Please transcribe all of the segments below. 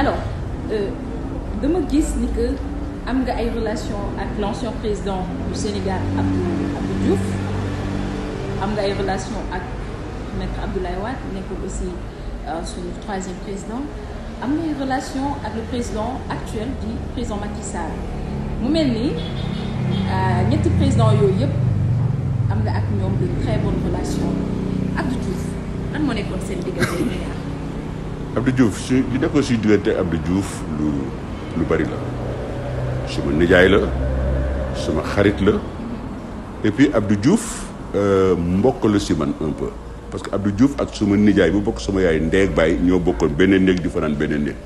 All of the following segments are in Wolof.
alo euh, dama gis ni que am nga ay relation ak l'ancien président du Sénégal Abdou Abdou Diouf am nga ay relation ak maître Abdoulaye Wade nekk aussi euh, suñu troisième président am nga ay relation ak le président actuel du président Macky Sall mu mel ni euh, ñetti président yooyu yëpp am nga ak ñoom de très bonne relation Abdou Diouf lan moo nekkoon seen diggante yi Abdou Diouf su li nekkoon suñu diggante Abdou Diouf lu bari la suma nijaay la suma xarit la et puis Abdou Diouf euh, mbokk la si man un peu parce que Abdou Diouf ak suma nijaay bu bokk suma yaay ndeeg baay ñoo bokkoon benn néeg di fanaan benn néeg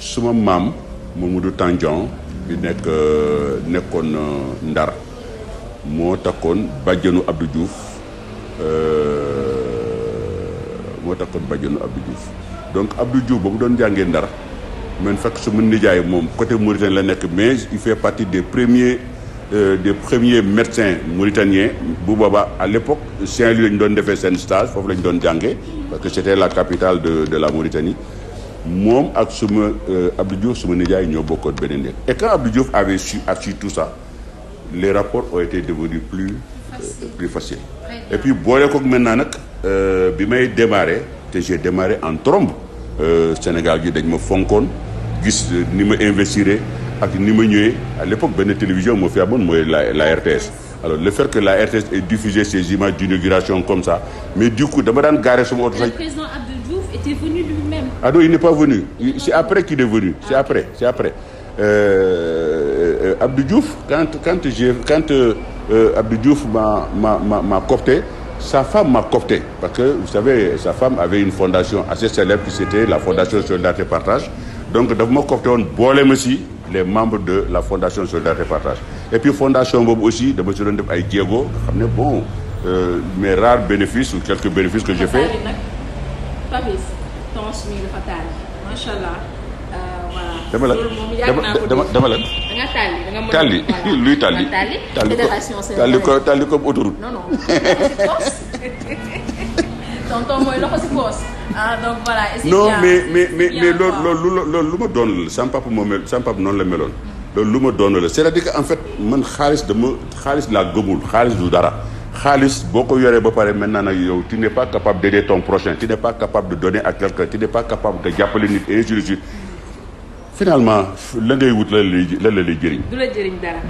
suma maam Mamadou Tandian bi nekk euh, nekkoon euh, Ndar moo takkoon bàjjanu Abdou Diouf moo takkoon bàjjanu Abdou Diouf donc Abdou Diouf ba mu doon jàngee ndara man fekk su nijaay moom côté Mauritanie la nekk mais il fait partie des premiers euh, des premiers médecins mauritaniens bu boobaa à l'époque Saint-Louis la ñu doon defee seen stage foofu la ñu doon jàngee parce que c'était la capitale de de la Mauritanie moom ak suma euh, Abdou Diouf suma nijaay ñoo bokkoon beneen nekk et quand Abdou Diouf avait su assu tout ça les rapports ont été devenus plus euh, plus faciles et puis boole koog maintenant nag euh, bi may démarrer te j'ai démarré en trombe Euh, Sénégal gi dañ ma fonkoon gis ni ma investir ak ni ma ñëwee à l'époque benn télévision moo fi amoon mooy la la RTS alors le fait que la RTS ait diffusé ces images d'inauguration comme ça mais du coup dama daan gaare sama oto. le président Abdou Diouf ah il n'est pas venu c'est après qu'il est venu c'est ah, après c'est après euh, euh, Abdou Diouf quand quand j'ai quand euh, euh Abdou m'a m'a m'a m'a Sa femme m'a coopté, parce que, vous savez, sa femme avait une fondation assez célèbre qui c'était la Fondation Solidarité Partage. Donc, daf ma coopté on boole ma si les membres de la Fondation Solidarité Partage. Et puis fondation boobu aussi dama si doon ay jéego nga xam ne bon mais euh, mes bénéfice bénéfices ou quelques bénéfices que j'ai fait. dama la euh, dama dama la. nga tàlli da nga mën tàlli luy tàlli. ko tàlli ko autoroute. non non tonton ah, mais mais mais loolu lu ma doon la sama papa moo la meloon. loolu lu ma doon la c'est-à-dire que en fait man xaalis dama xaalis laa gëmul xaalis du dara. xaalis boo ko yoree ba pare maintenant nag yow tu n'es pas capable d'aider ton prochain tu n'es pas capable de donner à quelqu'un tu n'es pas capable de jàppale nit et ainsi de suite finalement la ngay wut la lay la lay jëriñ. du la jëriñ dara.